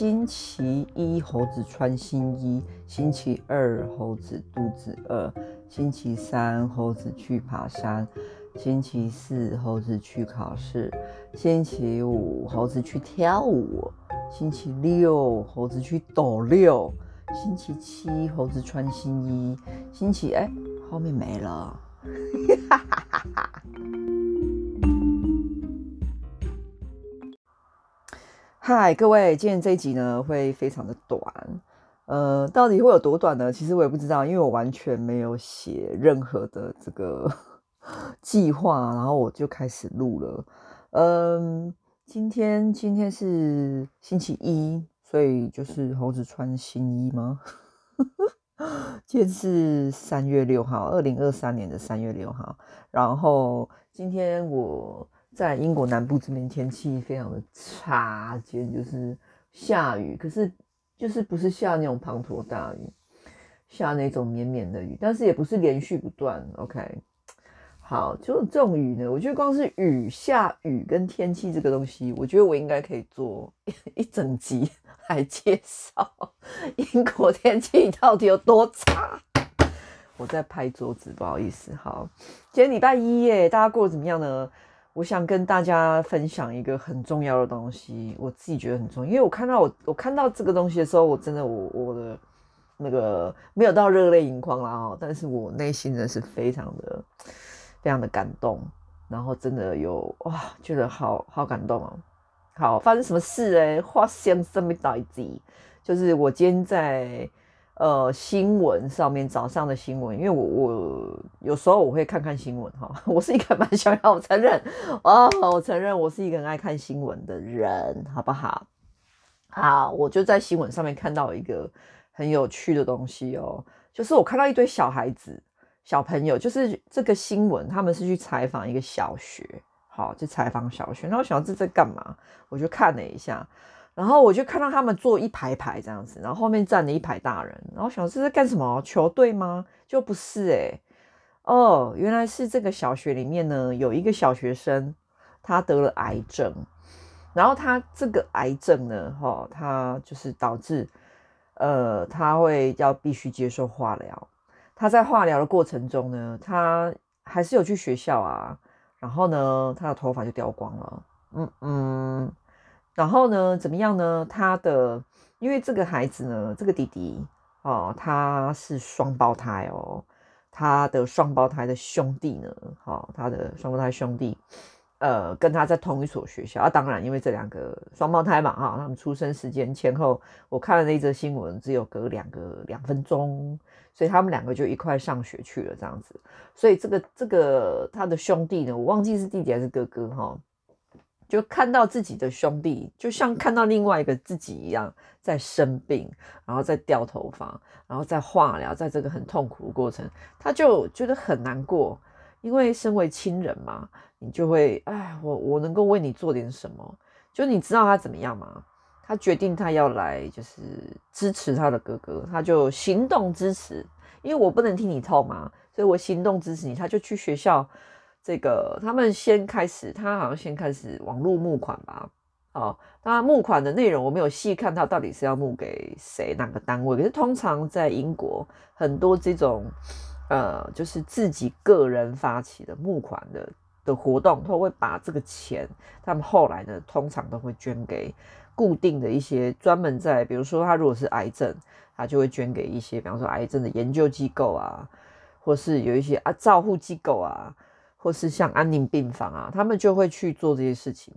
星期一，猴子穿新衣。星期二，猴子肚子餓。星期三，猴子去爬山。星期四，猴子去考試。星期五，猴子去跳舞。星期六，猴子去抖六。星期七，猴子穿新衣。星期，哎、欸，後面沒了。 嗨，各位，今天這一集呢會非常的短，呃，到底會有多短呢？其實我也不知道，因為我完全沒有寫任何的這個計 劃，然後我就開始錄了。嗯、呃，今天今天是星期一，所以就是猴子穿新衣嗎？ 今天是三月六號，二零二三年的三月六號，然後今天我。在英國南部這邊，天氣非常的差，今天就是下雨，可是就是不是下那種滂沱大雨，下那種綿綿的雨，但是也不是連續不斷。OK，好，就這種雨呢，我覺得光是雨下雨跟天氣這個東西，我覺得我應該可以做一整集來介紹英國天氣到底有多差。我在拍桌子，不好意思。好，今天禮拜一耶，大家過得怎麼樣呢？我想跟大家分享一個很重要的東西，我自己覺得很重要，因為我看到我，我看到這個東西的時候，我真的我，我的那個沒有到熱淚盈眶啦，但是我內心呢是非常的非常的感動，然後真的有哇覺得好好感動哦、喔。好，發生什麼事呢？發生什麼事，就是我今天在。呃，新聞上面早上的新聞，因為我我有時候我會看看新聞哈、喔，我是一個蠻想要我承認，哦、喔，我承認我是一個很愛看新聞的人，好不好？好，我就在新聞上面看到一個很有趣的東西哦、喔，就是我看到一堆小孩子小朋友，就是這個新聞，他們是去採訪一個小學，好，就採訪小學，那我想要這在幹嘛？我就看了一下。然後我就看到他們坐一排排這樣子，然後後面站着一排大人，然後想這是幹什麼？球隊嗎？就不是哎、欸，哦，原來是這個小學裡面呢有一個小學生，他得了癌症，然後他這個癌症呢，吼，他就是導致呃他會要必須接受化療，他在化療的過程中呢，他還是有去學校啊，然後呢他的頭髮就掉光了，嗯嗯。然後呢，怎麼樣呢？他的，因為這個孩子呢，這個弟弟哦，他是雙胞胎哦，他的雙胞胎的兄弟呢，好、哦，他的雙胞胎兄弟，呃，跟他在同一所學校啊。當然，因為這兩個雙胞胎嘛，哈、哦，他們出生時間前後，我看了那則新聞，只有隔兩個兩分鐘，所以他們兩個就一塊上學去了，這樣子。所以這個這個他的兄弟呢，我忘記是弟弟還是哥哥哈。哦就看到自己的兄弟，就像看到另外一個自己一樣，在生病，然後在掉頭髮，然後在化療，在這個很痛苦的過程，他就覺得很難過，因為身為親人嘛，你就會哎，我我能夠為你做點什麼？就你知道他怎麼樣嗎？他決定他要來就是支持他的哥哥，他就行動支持，因為我不能替你痛嘛，所以我行動支持你。他就去學校。這個他們先開始，他好像先開始網絡募款吧。好、哦，當然，募款的內容我沒有細看，他到底是要募給誰、哪個單位？可是通常在英國，很多這種呃，就是自己個人發起的募款的的活動，他會把這個錢，他們後來呢，通常都會捐給固定的一些專門在，比如說他如果是癌症，他就會捐給一些，比方說癌症的研究機構啊，或是有一些啊照護機構啊。或是像安寧病房啊，他們就會去做這些事情，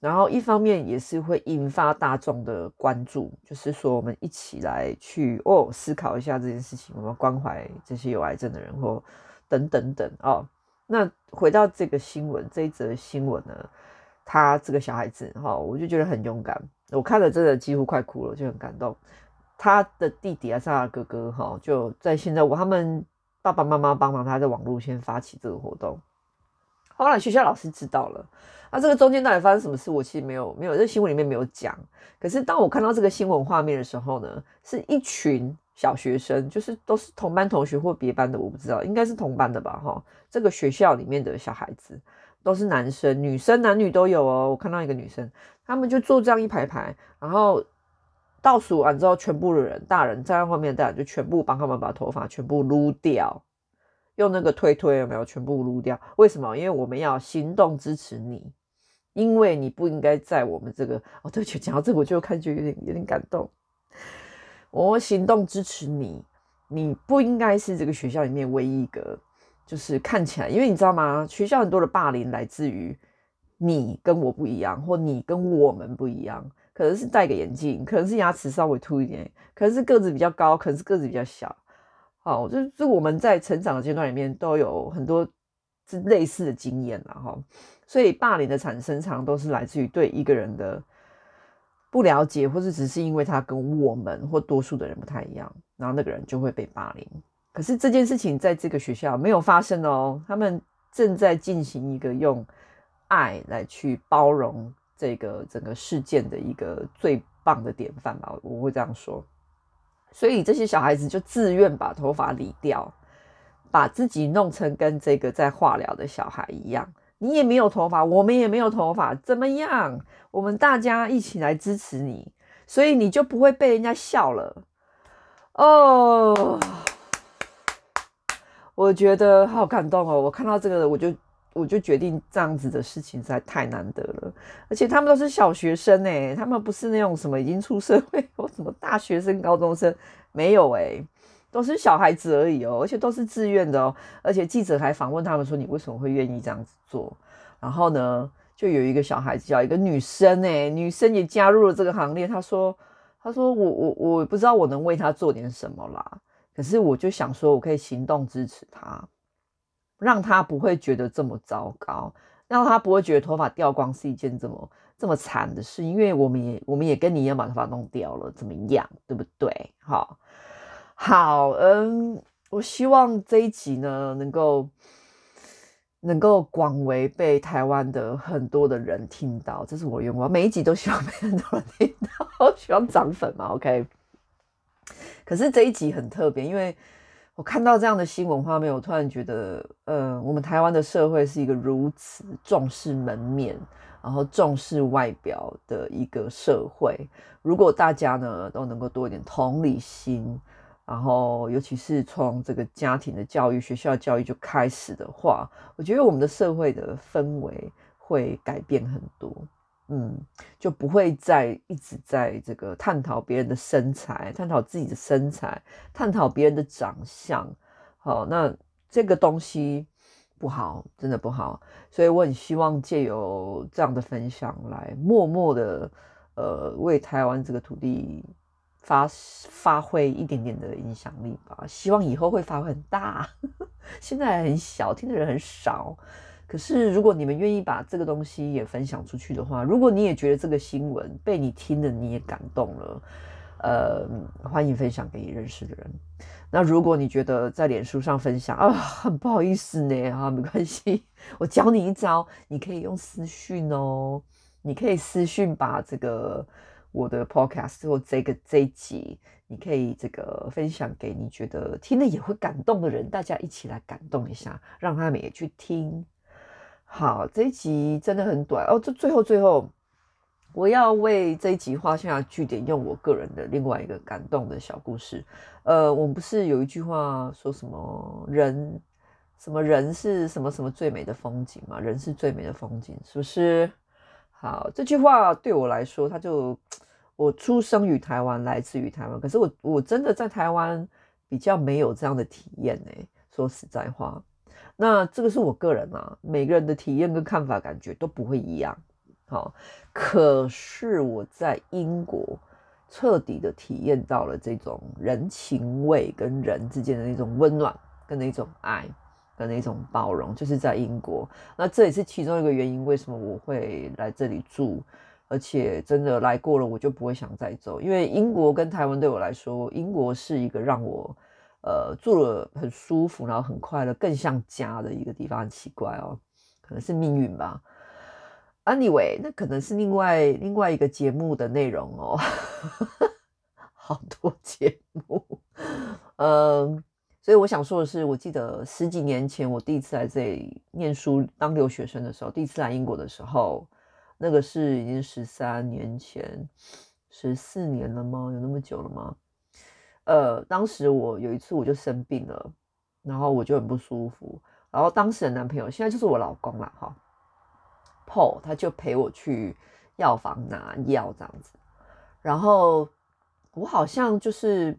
然後一方面也是會引發大眾的關注，就是說我們一起來去哦思考一下這件事情，我們關懷這些有癌症的人或等等等哦。那回到這個新聞，這一則新聞呢，他這個小孩子哈、哦，我就覺得很勇敢，我看了真的幾乎快哭了，就很感動。他的弟弟啊，是他的哥哥哈、哦，就在現在，我他們爸爸媽媽幫忙他在網絡先發起這個活動。後來學校老師知道了，那、啊、這個中間到底發生什麼事，我其實沒有沒有，這新聞裡面沒有講。可是當我看到這個新聞畫面的時候呢，是一群小學生，就是都是同班同學或別班的，我不知道，應該是同班的吧？哈，這個學校裡面的小孩子都是男生、女生，男女都有哦、喔。我看到一個女生，他們就坐這樣一排排，然後倒數完之後，全部的人，大人站在後面，大人就全部幫他們把頭髮全部擼掉。用那個推推有沒有全部擼掉？為什麼？因為我們要行動支持你，因為你不應該在我們這個。哦，對就講到這，我就看就有點有點感動。我行動支持你，你不應該是這個學校裡面唯一一個，就是看起來，因為你知道嗎？學校很多的霸凌來自於你跟我不一樣，或你跟我們不一樣。可能是戴個眼鏡，可能是牙齒稍微凸一點，可能是個子比較高，可能是個子比較小。好、哦，就是我們在成長的階段裡面都有很多類似的經驗，然後，所以霸凌的產生常常都是來自於對一個人的不了解，或者只是因為他跟我們或多數的人不太一樣，然後那個人就會被霸凌。可是這件事情在這個學校沒有發生哦、喔，他們正在進行一個用愛來去包容這個整個事件的一個最棒的典範吧，我，我會這樣說。所以這些小孩子就自願把頭髮理掉，把自己弄成跟這個在化療的小孩一樣。你也沒有頭髮，我們也沒有頭髮，怎麼樣？我們大家一起來支持你，所以你就不會被人家笑了。哦、oh, 我覺得好感動哦！我看到這個我就。我就決定這樣子的事情實在太難得了，而且他們都是小學生哎、欸，他們不是那種什麼已經出社會或什麼大學生、高中生，沒有哎、欸，都是小孩子而已哦、喔，而且都是自願的哦、喔，而且記者還訪問他們說，你為什麼會願意這樣子做？然後呢，就有一個小孩子叫一個女生哎、欸，女生也加入了這個行列，她說她說，我我我不知道我能為她做點什麼啦，可是我就想說我可以行動支持她。讓他不會覺得這麼糟糕，讓他不會覺得頭髮掉光是一件這麼這麼慘的事，因為我們也我們也跟你一樣把頭髮弄掉了，怎麼樣，對不對？好好，嗯，我希望這一集呢能夠能夠廣為被台灣的很多的人聽到，這是我願望，每一集都希望被很多人聽到，希望漲粉嘛，OK。可是這一集很特別，因為。我看到這樣的新聞畫面，我突然覺得，呃、嗯，我們台灣的社會是一個如此重視門面，然後重視外表的一個社會。如果大家呢都能夠多一點同理心，然後尤其是從這個家庭的教育、學校教育就開始的話，我覺得我們的社會的氛圍會改變很多。嗯，就不會再一直在這個探討別人的身材，探討自己的身材，探討別人的長相。好，那這個東西不好，真的不好。所以我很希望借由這樣的分享，來默默的，呃，為台灣這個土地發發揮一點點的影響力吧。希望以後會發揮很大。 現在很小，聽的人很少。可是，如果你們願意把這個東西也分享出去的話，如果你也覺得這個新聞被你聽了，你也感動了，呃，歡迎分享給你認識的人。那如果你覺得在臉書上分享啊，很不好意思呢，啊，沒關係，我教你一招，你可以用私訊哦，你可以私訊把這個我的 podcast 或這個這一集，你可以這個分享給你覺得聽了也會感動的人，大家一起來感動一下，讓他們也去聽。好，這一集真的很短哦。這最後最後，我要為這一集畫下句點，用我個人的另外一個感動的小故事。呃，我不是有一句話說什麼人什麼人是什麼什麼最美的風景嘛，人是最美的風景，是不是？好，這句話對我來說，他就我出生於台灣，來自於台灣，可是我我真的在台灣比較沒有這樣的體驗呢、欸。說實在話。那這個是我個人啊，每個人的體驗跟看法、感覺都不會一樣。好、哦，可是我在英國徹底的體驗到了這種人情味跟人之間的那種溫暖，跟那種愛，跟那種包容，就是在英國。那這也是其中一個原因，為什麼我會來這裡住，而且真的來過了，我就不會想再走。因為英國跟台灣對我來說，英國是一個讓我。呃，住了很舒服，然後很快樂，更像家的一個地方，很奇怪哦，可能是命運吧。Anyway，那可能是另外另外一個節目的內容哦。 好多節目，嗯、呃，所以我想說的是，我記得十幾年前我第一次來這裡念書當留學生的時候，第一次來英國的時候，那個是已經十三年前、十四年了嗎？有那麼久了嗎？呃，當時我有一次我就生病了，然後我就很不舒服，然後當時的男朋友，現在就是我老公了吼，Paul，他就陪我去藥房拿藥這樣子，然後我好像就是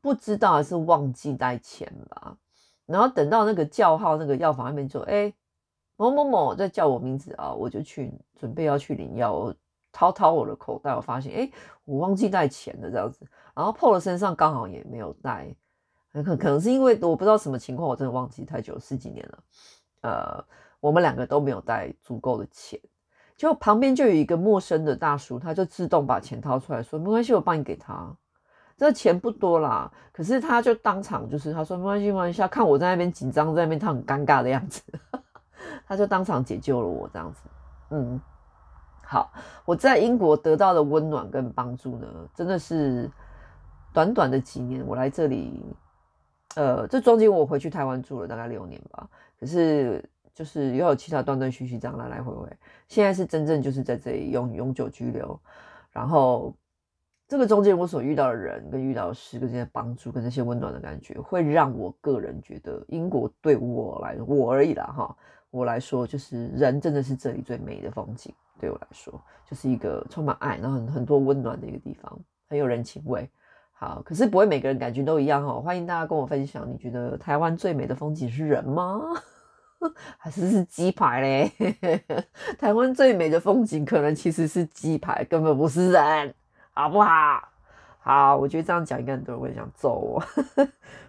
不知道還是忘記帶錢吧，然後等到那個叫號那個藥房那邊就誒、欸、某某某在叫我名字啊，我就去準備要去領藥。掏掏我的口袋，我發現，哎、欸，我忘記帶錢了，這樣子。然後 Paul 身上剛好也沒有帶，可可能是因為我不知道什麼情況，我真的忘記太久，十幾年了。呃，我們兩個都沒有帶足夠的錢，結果旁邊就有一個陌生的大叔，他就自動把錢掏出來說，沒關係，我幫你給他。這錢不多啦，可是他就當場就是他說沒關係，沒關係，看我在那邊緊張，在那邊他很尷尬的樣子， 他就當場解救了我這樣子，嗯。好，我在英國得到的溫暖跟幫助呢，真的是短短的幾年，我來這裡，呃，這中間我回去台灣住了大概六年吧，可是就是又有其他斷斷續續這樣來來回回，現在是真正就是在這裡永永久居留，然後。這個中間我所遇到的人跟遇到的事，跟這些幫助跟這些溫暖的感覺，會讓我個人覺得英國對我來，我而已啦哈，我來說就是人真的是這裡最美的風景，對我來說就是一個充滿愛然後很很多溫暖的一個地方，很有人情味。好，可是不會每個人感覺都一樣哈，歡迎大家跟我分享，你覺得台灣最美的風景是人嗎？ 還是是雞排嘞？ 台灣最美的風景可能其實是雞排，根本不是人。好不好？好，我覺得這樣講應該很多人會想揍我，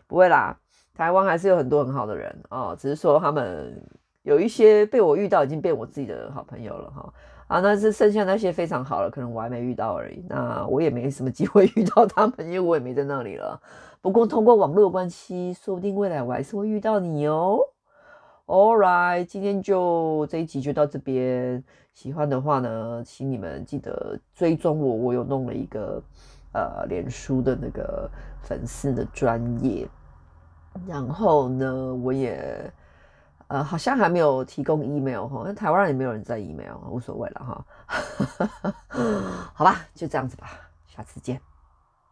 不會啦。台灣還是有很多很好的人哦，只是說他們有一些被我遇到，已經變我自己的好朋友了哈。啊、哦，那是剩下那些非常好了，可能我還沒遇到而已。那我也沒什麼機會遇到他們，因為我也沒在那裡了。不過通過網絡關係，說不定未來我還是會遇到你哦。All right，今天就這一集就到這邊。喜歡的話呢，請你們記得追蹤我。我有弄了一個呃臉書的那個粉絲的專頁。然後呢，我也呃好像還沒有提供 email 哈，那台灣也沒有人在 email，無所謂了哈。 好吧，就這樣子吧，下次見。